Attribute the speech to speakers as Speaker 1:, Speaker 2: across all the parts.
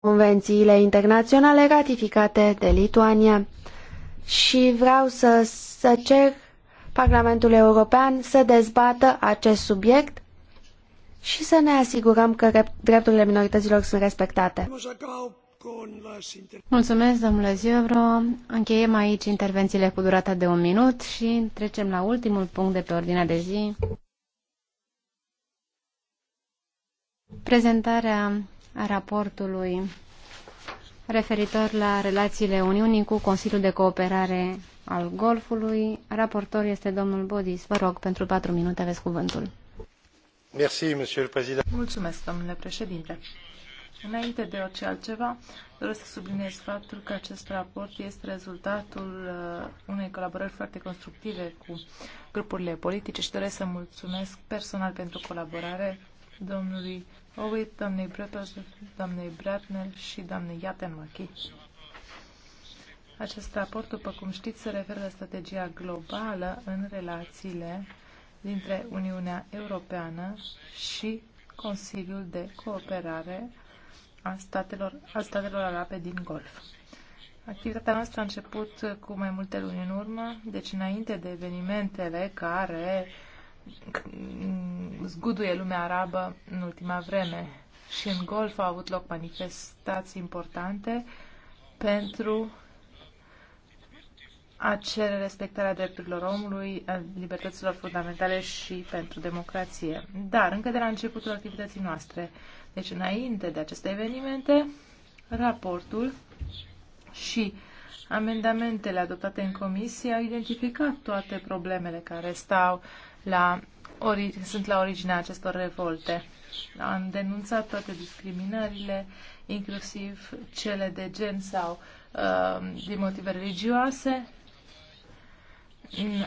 Speaker 1: convențiile internaționale ratificate de Lituania. Și vreau să, să cer Parlamentul European să dezbată acest subiect și să ne asigurăm că drepturile minorităților sunt respectate. Mulțumesc, domnule Ziobro. Încheiem aici intervențiile cu durata de un minut și trecem la ultimul punct de pe ordinea de zi. Prezentarea a raportului referitor la relațiile Uniunii cu Consiliul de Cooperare al Golfului. Raportor este domnul Bodis. Vă rog, pentru patru minute aveți cuvântul.
Speaker 2: Mulțumesc, domnule președinte. Înainte de orice altceva, doresc să subliniez faptul că acest raport este rezultatul uh, unei colaborări foarte constructive cu grupurile politice și doresc să mulțumesc personal pentru colaborare domnului ovid, doamnei Bretos, doamnei Bratnel și doamnei Iatenmachi. Acest raport, după cum știți, se referă la strategia globală în relațiile dintre Uniunea Europeană și Consiliul de Cooperare a statelor, a statelor arabe din Golf. Activitatea noastră a început cu mai multe luni în urmă, deci înainte de evenimentele care uh, zguduie lumea arabă în ultima vreme. Și în Golf au avut loc manifestații importante pentru a cere respectarea drepturilor omului, a libertăților fundamentale și pentru democrație. Dar încă de la începutul activității noastre, deci înainte de aceste evenimente, raportul și amendamentele adoptate în comisie au identificat toate problemele care stau uh, la ori, sunt la originea acestor revolte. Am denunțat toate discriminările, inclusiv cele de gen sau uh, din motive religioase,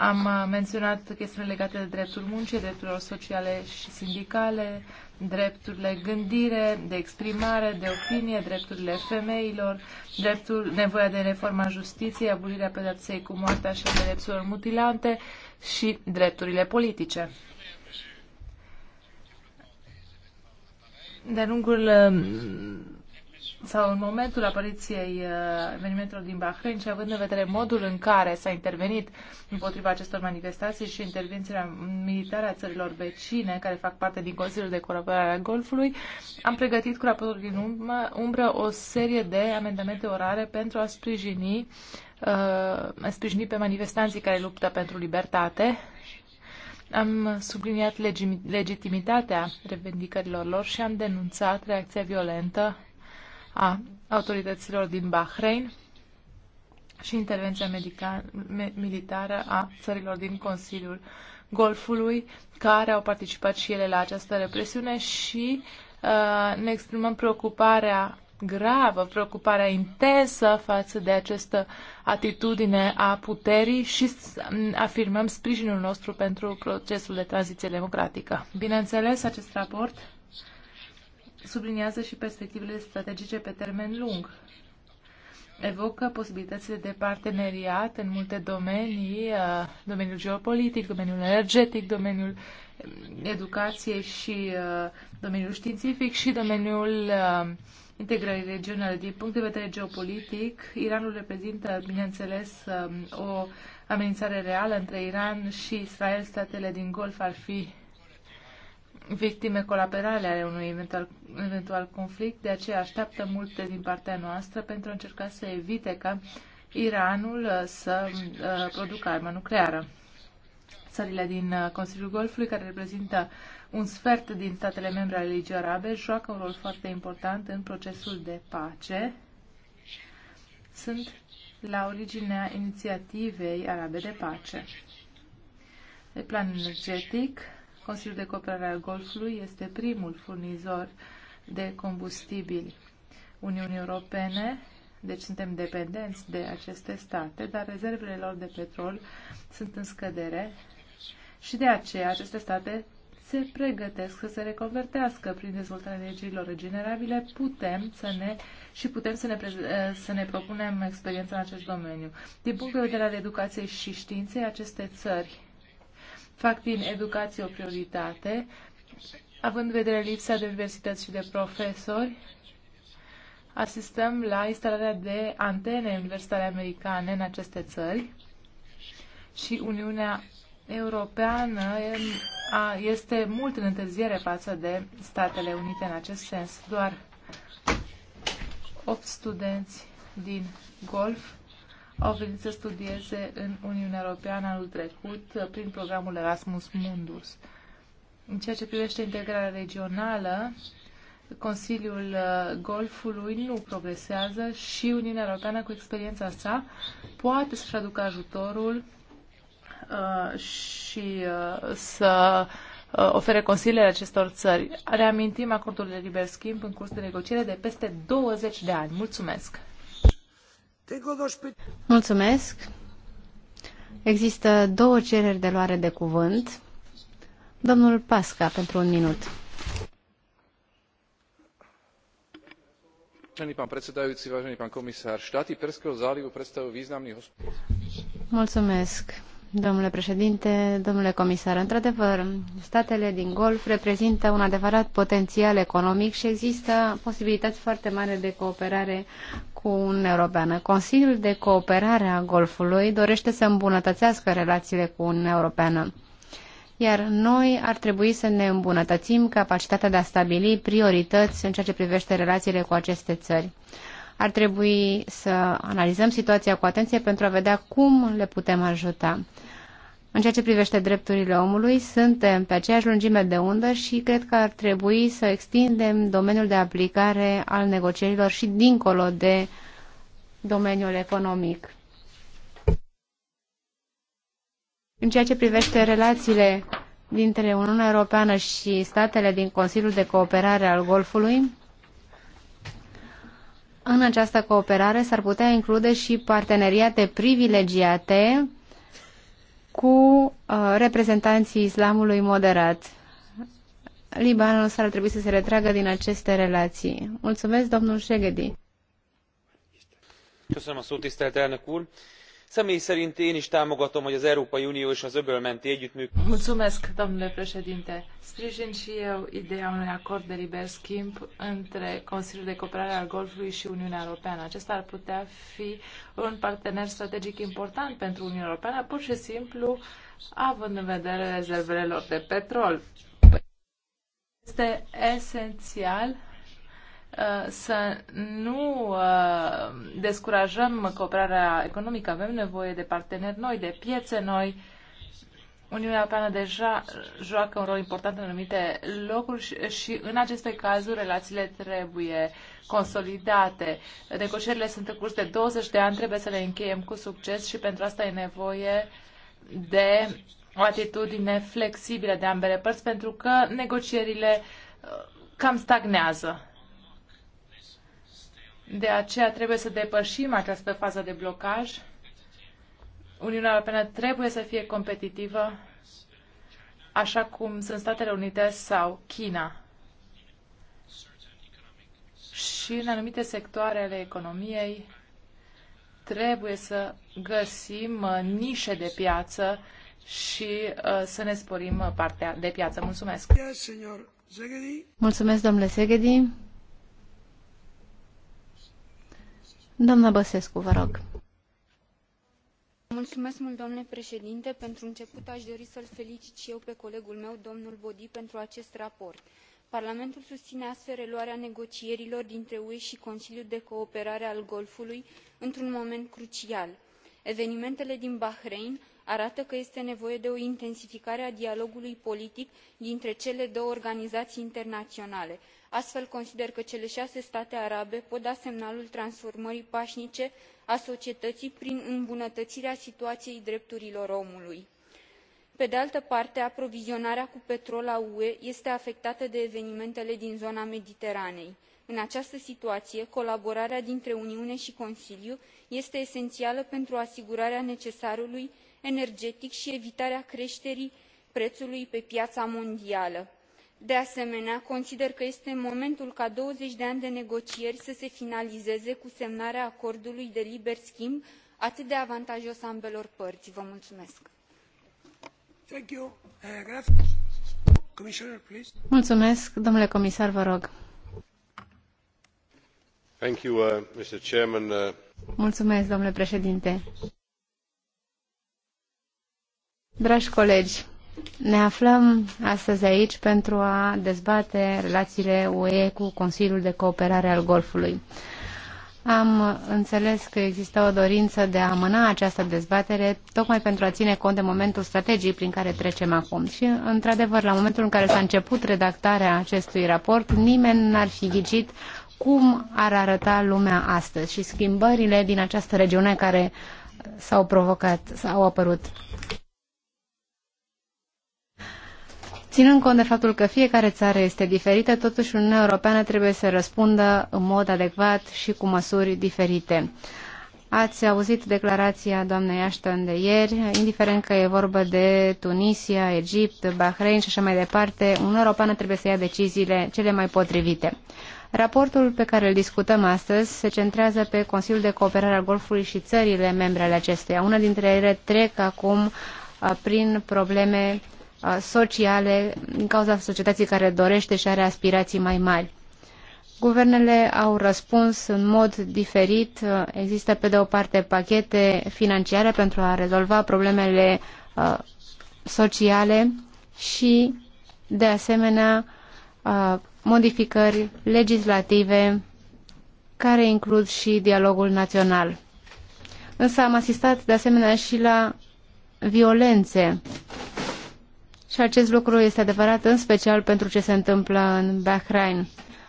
Speaker 2: am menționat chestiuni legate de dreptul muncii, drepturilor sociale și sindicale, drepturile de gândire, de exprimare, de opinie, drepturile femeilor, dreptul, nevoia de reforma justiției, abolirea pedepsei cu moartea și a pedepselor mutilante și drepturile politice. de lungul sau în momentul apariției uh, evenimentelor din Bahrain și având în vedere modul în care s-a intervenit împotriva acestor manifestații și intervenția militară a țărilor vecine care fac parte din Consiliul de Cooperare a Golfului, am pregătit cu raportul din umbră o serie de amendamente orare pentru a sprijini, uh, a sprijini pe manifestanții care luptă pentru libertate am subliniat legitimitatea revendicărilor lor și am denunțat reacția violentă a autorităților din Bahrain și intervenția militară a țărilor din Consiliul Golfului, care au participat și ele la această represiune și uh, ne exprimăm preocuparea gravă, preocuparea intensă față de această atitudine a puterii și afirmăm sprijinul nostru pentru procesul de tranziție democratică. Bineînțeles, acest raport subliniază și perspectivele strategice pe termen lung. Evocă posibilitățile de parteneriat în multe domenii, uh, domeniul geopolitic, domeniul energetic, domeniul um, educației și uh, domeniul științific și domeniul uh, integrării regionale. Din punct de vedere geopolitic, Iranul reprezintă, bineînțeles, um, o amenințare reală între Iran și Israel. Statele din Golf ar fi victime colaterale ale unui eventual, eventual conflict, de aceea așteaptă multe din partea noastră pentru a încerca să evite ca Iranul uh, să uh, producă armă nucleară. Țările din uh, Consiliul Golfului, care reprezintă un sfert din statele membre ale Ligii Arabe, joacă un rol foarte important în procesul de pace. Sunt la originea inițiativei arabe de pace. Pe plan energetic, Consiliul de Cooperare al Golfului este primul furnizor de combustibili Uniunii Europene, deci suntem dependenți de aceste state, dar rezervele lor de petrol sunt în scădere și de aceea aceste state se pregătesc să se reconvertească prin dezvoltarea energiilor regenerabile, putem să ne și putem să ne, eh, să ne propunem experiența în acest domeniu. Din punct de vedere al educației și științei, aceste țări fac din educație o prioritate, având în vedere lipsa de universități și de profesori, asistăm la instalarea de antene universitare americane în aceste țări și Uniunea Europeană este mult în întârziere față de Statele Unite în acest sens. Doar 8 studenți din golf au venit să studieze în Uniunea Europeană anul trecut uh, prin programul Erasmus Mundus. În ceea ce privește integrarea regională, Consiliul uh, Golfului nu progresează și Uniunea Europeană, cu experiența sa, poate să-și aducă ajutorul uh, și uh, să uh, ofere consiliere acestor țări. Reamintim acordul de liber schimb în curs de negociere de peste 20 de ani. Mulțumesc!
Speaker 1: Mulțumesc. Există două cereri de luare de cuvânt. Domnul Pasca, pentru un minut.
Speaker 2: Vážený pán
Speaker 3: predsedajúci, vážený pán komisár, štáty Perského zálivu predstavujú významný hospodársky...
Speaker 1: Mulțumesc domnule președinte, domnule comisar. Într-adevăr, statele din Golf reprezintă un adevărat potențial economic și există posibilități foarte mari de cooperare cu Uniunea Europeană. Consiliul de Cooperare a Golfului dorește să îmbunătățească relațiile cu Uniunea Europeană iar noi ar trebui să ne îmbunătățim capacitatea de a stabili priorități în ceea ce privește relațiile cu aceste țări. Ar trebui să analizăm situația cu atenție pentru a vedea cum le putem ajuta. În ceea ce privește drepturile omului, suntem pe aceeași lungime de undă și cred că ar trebui să extindem domeniul de aplicare al negocierilor și dincolo de domeniul economic. În ceea ce privește relațiile dintre Uniunea Europeană și statele din Consiliul de Cooperare al Golfului, în această cooperare s-ar putea include și parteneriate privilegiate cu uh, reprezentanții islamului moderat. Libanul s-ar trebui să se retragă din aceste relații. Mulțumesc, domnul Șegedi
Speaker 3: személy szerint én is támogatom hogy az európai unió és az öböl menti
Speaker 2: együttműködést. sprijin și eu ideea unui acord de liber schimb între consiliul de cooperare al golfului și uniunea europeană. acesta ar putea fi un partener strategic important pentru uniunea europeană pur și simplu având în vedere rezervele lor de petrol. Este esențial Uh, să nu uh, descurajăm cooperarea economică. Avem nevoie de parteneri noi, de piețe noi. Uniunea Europeană deja joacă un rol important în anumite locuri și, și în aceste cazuri relațiile trebuie consolidate. Negocierile sunt în curs de 20 de ani, trebuie să le încheiem cu succes și pentru asta e nevoie de o atitudine flexibilă de ambele părți, pentru că negocierile uh, cam stagnează. De aceea trebuie să depășim această fază de blocaj. Uniunea Europeană trebuie să fie competitivă, așa cum sunt Statele Unite sau China. Și în anumite sectoare ale economiei trebuie să găsim uh, nișe de piață și uh, să ne sporim uh, partea de piață. Mulțumesc!
Speaker 1: Mulțumesc, domnule Segedi! Doamna Băsescu, vă rog.
Speaker 3: Mulțumesc mult, domnule președinte. Pentru început aș dori să-l felicit și eu pe colegul meu, domnul Bodi, pentru acest raport. Parlamentul susține astfel reluarea negocierilor dintre UE și Consiliul de Cooperare al Golfului într-un moment crucial. Evenimentele din Bahrain arată că este nevoie de o intensificare a dialogului politic dintre cele două organizații internaționale astfel consider că cele ase state arabe pot da semnalul transformării panice a societăii prin îmbunătăirea situaiei drepturilor omului. pe de altă parte aprovizionarea cu petrol a ue este afectată de evenimentele din zona mediteranei. în această situaie colaborarea dintre uniune i consiliu este esenială pentru asigurarea necesarului energetic i evitarea creterii preului pe piaa mondială de asemenea consider că este momentul ca douăzeci de ani de negocieri să se finalizeze cu semnarea acordului de liber schimb atât de avantajos ambelor pări.
Speaker 1: Uh, domnule comisar rog.
Speaker 2: Uh, uh.
Speaker 1: Mulțumesc, domnule președinte dragi colegi ne aflăm astăzi aici pentru a dezbate relațiile UE cu Consiliul de Cooperare al Golfului. Am înțeles că există o dorință de a amâna această dezbatere tocmai pentru a ține cont de momentul strategic prin care trecem acum. Și, într-adevăr, la momentul în care s-a început redactarea acestui raport, nimeni n-ar fi ghicit cum ar arăta lumea astăzi și schimbările din această regiune care s-au provocat, s-au apărut. Ținând cont de faptul că fiecare țară este diferită, totuși Uniunea Europeană trebuie să răspundă în mod adecvat și cu măsuri diferite. Ați auzit declarația doamnei Ashton de ieri, indiferent că e vorba de Tunisia, Egipt, Bahrain și așa mai departe, Uniunea Europeană trebuie să ia deciziile cele mai potrivite. Raportul pe care îl discutăm astăzi se centrează pe Consiliul de Cooperare al Golfului și țările membre ale acestuia. Una dintre ele trec acum uh, prin probleme Uh, sociale din cauza societății care dorește și are aspirații mai mari. Guvernele au răspuns în mod diferit. Uh, există, pe de o parte, pachete financiare pentru a rezolva problemele uh, sociale și, de asemenea, modificări legislative care includ și dialogul național. Însă am asistat, de asemenea, și la violențe și acest lucru este adevărat în special pentru ce se întâmplă în Bahrain.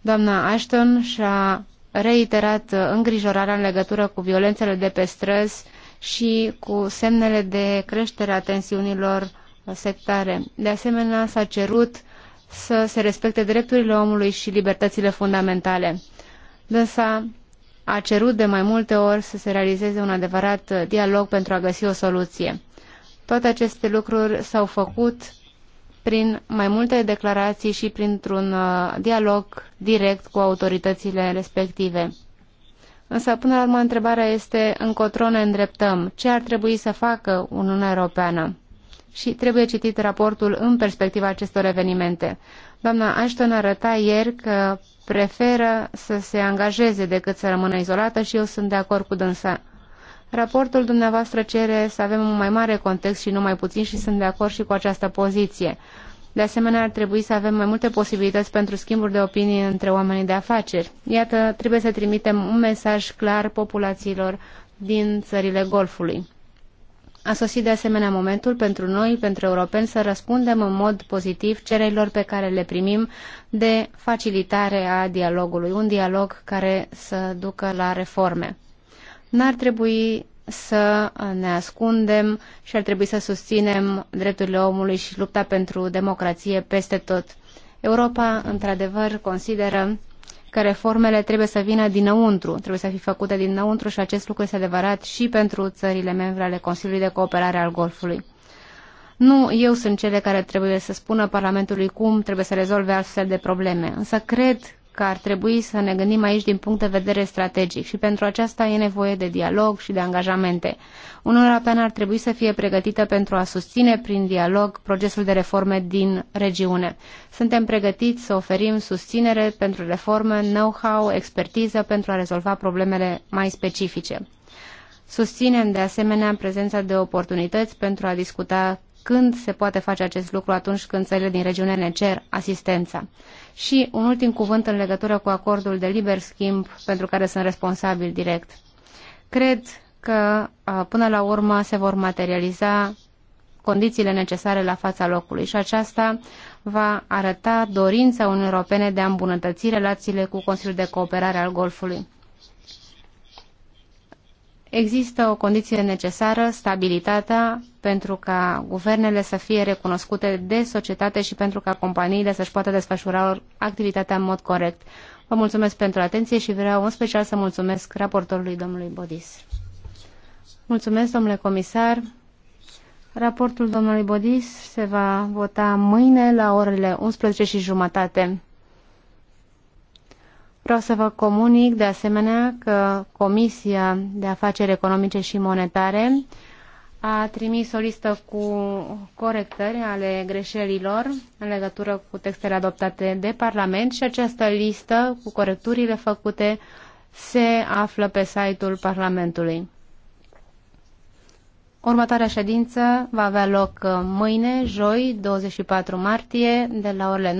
Speaker 1: Doamna Ashton și-a reiterat îngrijorarea în legătură cu violențele de pe străzi și cu semnele de creștere a tensiunilor sectare. De asemenea, s-a cerut să se respecte drepturile omului și libertățile fundamentale. Dânsa a cerut de mai multe ori să se realizeze un adevărat dialog pentru a găsi o soluție. Toate aceste lucruri s-au făcut prin mai multe declarații și printr-un uh, dialog direct cu autoritățile respective. Însă, până la urmă, întrebarea este încotro ne îndreptăm, ce ar trebui să facă Uniunea Europeană? Și trebuie citit raportul în perspectiva acestor evenimente. Doamna Ashton arăta ieri că preferă să se angajeze decât să rămână izolată și eu sunt de acord cu dânsa. Raportul dumneavoastră cere să avem un mai mare context și nu mai puțin și sunt de acord și cu această poziție. De asemenea, ar trebui să avem mai multe posibilități pentru schimburi de opinii între oamenii de afaceri. Iată, trebuie să trimitem un mesaj clar populațiilor din țările Golfului. A sosit de asemenea momentul pentru noi, pentru europeni, să răspundem în mod pozitiv cererilor pe care le primim de facilitare a dialogului, un dialog care să ducă la reforme. N-ar trebui să ne ascundem și ar trebui să susținem drepturile omului și lupta pentru democrație peste tot. Europa, într-adevăr, consideră că reformele trebuie să vină dinăuntru, trebuie să fie făcute dinăuntru și acest lucru este adevărat și pentru țările membre ale Consiliului de Cooperare al Golfului. Nu eu sunt cele care trebuie să spună Parlamentului cum trebuie să rezolve astfel de probleme, însă cred că ar trebui să ne gândim aici din punct de vedere strategic și pentru aceasta e nevoie de dialog și de angajamente. Uniunea Europeană ar trebui să fie pregătită pentru a susține prin dialog procesul de reforme din regiune. Suntem pregătiți să oferim susținere pentru reforme, know-how, expertiză pentru a rezolva problemele mai specifice. Susținem de asemenea prezența de oportunități pentru a discuta când se poate face acest lucru atunci când țările din regiune ne cer asistența. Și un ultim cuvânt în legătură cu acordul de liber schimb pentru care sunt responsabil direct. Cred că până la urmă se vor materializa condițiile necesare la fața locului și aceasta va arăta dorința Uniunii Europene de a îmbunătăți relațiile cu Consiliul de Cooperare al Golfului. Există o condiție necesară, stabilitatea, pentru ca guvernele să fie recunoscute de societate și pentru ca companiile să-și poată desfășura activitatea în mod corect. Vă mulțumesc pentru atenție și vreau în special să mulțumesc raportorului domnului Bodis. Mulțumesc, domnule comisar. Raportul domnului Bodis se va vota mâine la orele 11 și jumătate. Vreau să vă comunic de asemenea că Comisia de Afaceri Economice și Monetare a trimis o listă cu corectări ale greșelilor în legătură cu textele adoptate de Parlament și această listă cu corecturile făcute se află pe site-ul Parlamentului. Următoarea ședință va avea loc mâine, joi, 24 martie, de la orele